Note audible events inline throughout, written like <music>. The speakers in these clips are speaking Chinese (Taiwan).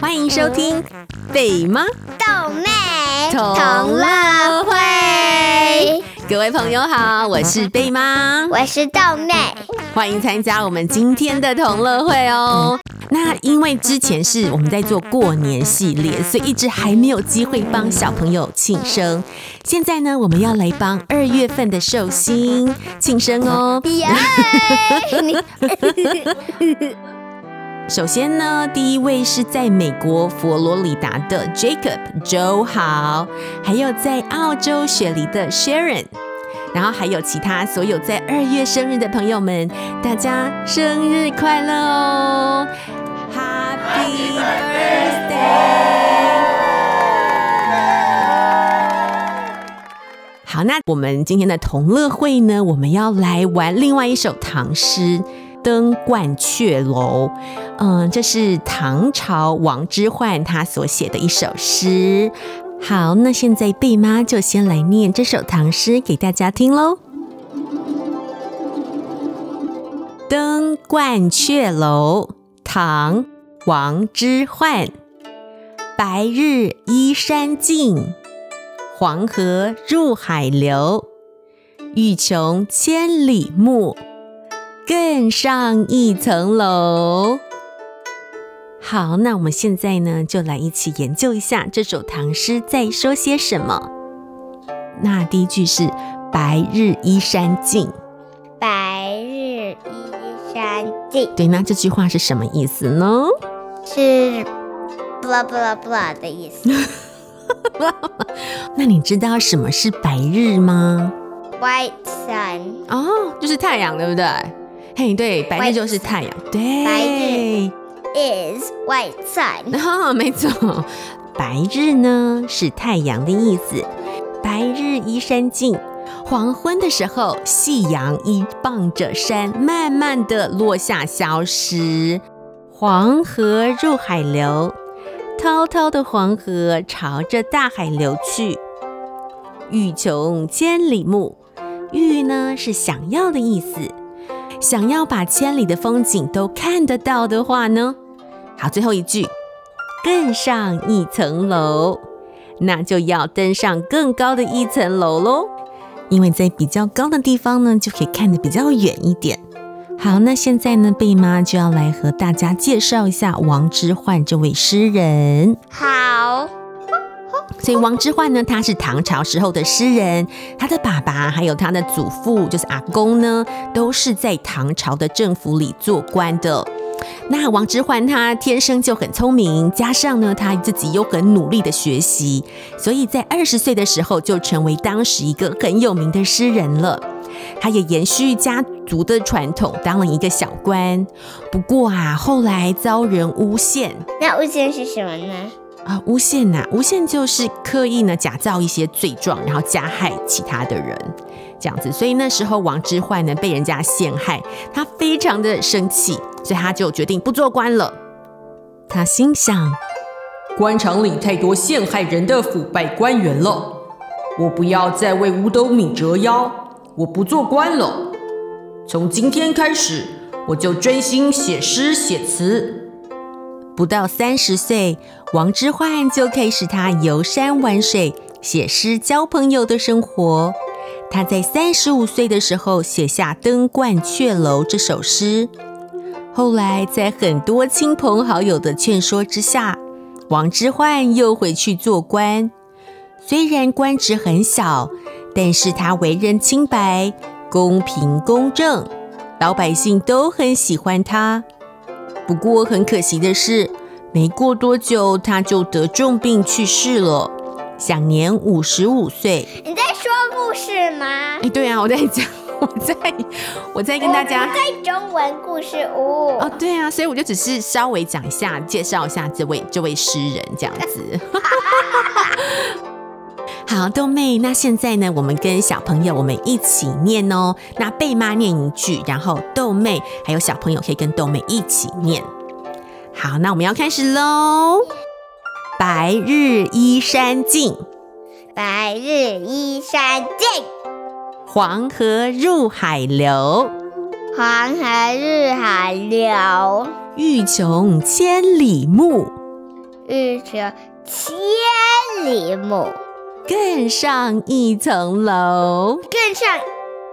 歡迎收聽貝媽豆妹同樂會，各位朋友好，我是貝媽，我是豆妹，歡迎參加我們今天的同樂會哦。那因為之前是我們在做過年系列，所以一直還沒有機會幫小朋友慶生。現在呢，我們要來幫二月份的壽星慶生哦！耶！首先呢，第一位是在美國佛羅里達的 Jacob 周豪，還有在澳洲雪梨的 Sharon，然後還有其他所有在二月生日的朋友們，大家生日快樂哦！ <noise> 好，那我們今天的同樂會呢，我們要來玩另外一首唐詩《登鸛雀樓》呃。嗯，這是唐朝王之渙他所寫的一首詩。好，那現在貝媽就先來念這首唐詩給大家聽囉。《登鸛雀樓》唐王之渙，白日依山盡，黃河入海流。欲窮千里目，更上一層樓。好，那我們現在呢，就來一起研究一下這首唐詩在說些什麼。那第一句是“白日依山盡”，“白日依山盡”。對，那這句話是什麼意思呢？是，blah blah blah 的意思。 <laughs> 那你知道什麼是白日嗎？White sun。哦，就是太陽，對不對？嘿、hey，對，白日就是太陽。對。白日 is white sun。哦，沒錯。白日呢是太陽的意思。白日依山盡，黃昏的時候，夕陽依傍着山，慢慢地落下，消失。黃河入海流，滔滔的黃河朝着大海流去。欲窮千里目，欲呢是想要的意思，想要把千里的風景都看得到的話呢，好，最後一句，更上一層樓，那就要登上更高的一層樓嘍，因為在比較高的地方呢，就可以看得比較遠一點。好，那現在呢，貝媽就要來和大家介紹一下王之渙這位詩人。好，所以王之渙呢，他是唐朝時候的詩人，他的爸爸還有他的祖父，就是阿公呢，都是在唐朝的政府裡做官的。那王之渙他天生就很聰明，加上呢，他自己又很努力的學習，所以在二十歲的時候就成為當時一個很有名的詩人了。他也延續家族的傳統，當了一個小官。不過啊，後來遭人誣陷。那誣陷是什麼呢、呃？啊，誣陷吶！誣陷就是刻意呢假造一些罪狀，然後加害其他的人，這樣子。所以那時候王之渙呢被人家陷害，他非常的生氣，所以他就決定不做官了。他心想：官場裡太多陷害人的腐敗官員了，我不要再為五斗米折腰。我不做官了，從今天開始，我就專心寫詩寫詞。不到三十歲，王之渙就開始他遊山玩水、寫詩交朋友的生活。他在三十五歲的時候寫下《登鸛雀樓》這首詩。後來，在很多親朋好友的勸說之下，王之渙又回去做官，雖然官職很小。但是他為人清白、公平公正，老百姓都很喜歡他。不過很可惜的是，沒過多久他就得重病去世了，享年五十五歲。你在說故事嗎？對啊，我在講，我在，我在跟大家在中文故事屋哦，對啊，所以我就只是稍微講一下，介紹一下這位這位詩人這樣子。啊 <laughs> 好，豆妹，那現在呢？我們跟小朋友我們一起念哦。那貝媽念一句，然後豆妹還有小朋友可以跟豆妹一起念。好，那我們要開始嘍！白日依山盡，白日依山盡，黃河入海流，黃河入海流，欲窮千里目，欲窮千里目。更上一層樓，更上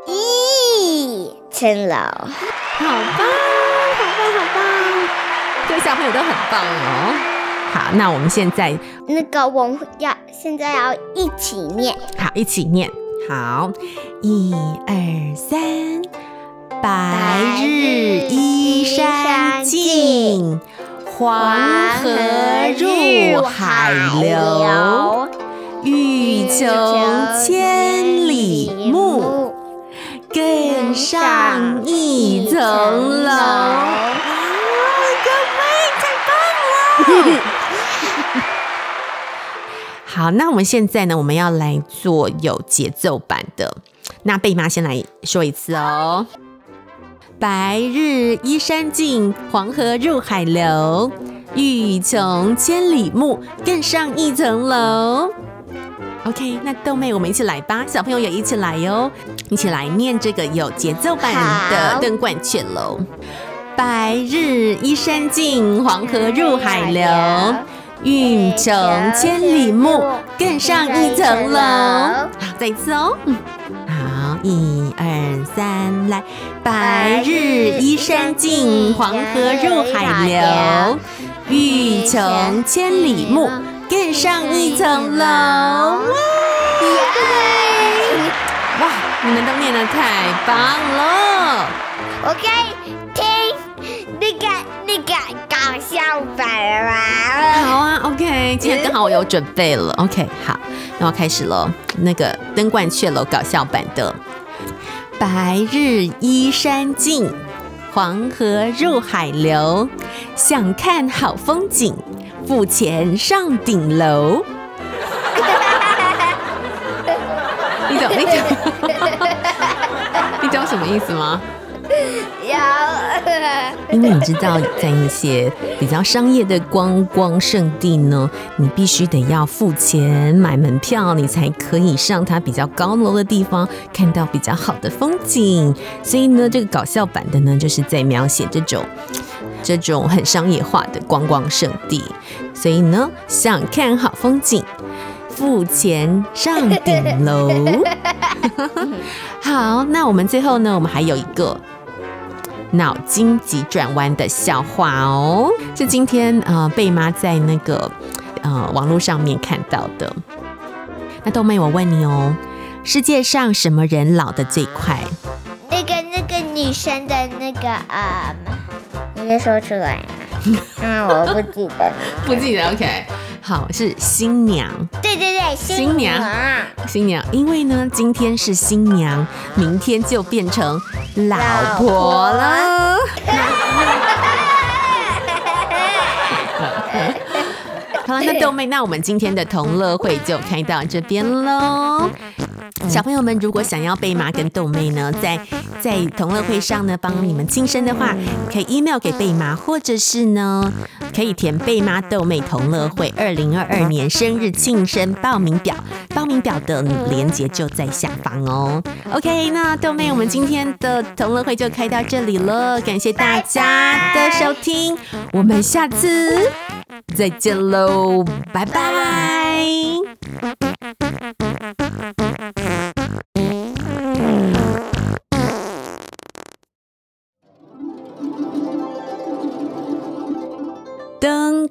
一層樓。好棒，好棒，好棒！各位小朋友都很棒哦。好，那我們現在那個我們要現在要一起念，好，一起念。好，一二三，白日依山盡，黃河入海流。欲窮千里目，更上一層樓，啊。各位，太棒了！ <laughs> <laughs> 好，那我們現在呢，我們要來做有節奏版的。那貝媽先來說一次哦：“白日依山盡，黃河入海流。欲窮千里目，更上一層樓。” OK，那豆妹，我們一起來吧，小朋友也一起來喲，一起來念這個有節奏版的《登鸛雀樓》：白日依山盡，黃河入海流。欲窮哪千里目，哪更上一層，一層樓。好，再一次哦。嗯，好，一二三，來，白日依山盡，黃河入海流。欲窮哪千里目。更上一層樓，嗯。哇，你們都念的太棒了，啊。OK，聽那個那個搞笑版了。好啊，OK，今天剛好我有準備了。OK，好，那我開始嘍。那個《登鸛雀樓》搞笑版的：白日依山盡，黃河入海流。想看好風景。付錢上頂樓，你懂你懂，你知道什麼意思嗎？有，因為你知道，在一些比較商業的觀光勝地呢，你必須得要付錢買門票，你才可以上它比較高樓的地方，看到比較好的風景。所以呢，這個搞笑版的呢，就是在描寫這種這種很商業化的觀光勝地。所以呢，想看好風景，付錢上頂樓。 <laughs> <laughs> 好，那我們最後呢，我們還有一個腦筋急轉彎的笑話哦，是今天呃貝媽在那個呃網絡上面看到的。那豆妹，我問你哦，世界上什麼人老得最快？那個那個女生的那個啊、呃，你沒說出來。嗯，我不記得，不記得。OK，OK，好，是新娘。對對對，新娘啊，新娘。因為呢，今天是新娘，明天就變成老婆了。老婆了。 <laughs> 好，好了，那豆妹，那我們今天的同樂會就開到這邊嘍。小朋友們，如果想要貝媽跟豆妹呢，在在同樂會上呢，幫你們慶生的話，可以 email 給貝媽，或者是呢可以填貝媽豆妹同樂會二零二二年生日慶生報名表，報名表的連結就在下方哦。OK，那豆妹，我們今天的同樂會就開到這裡了，感謝大家的收聽，拜拜，我們下次再見嘍，拜拜。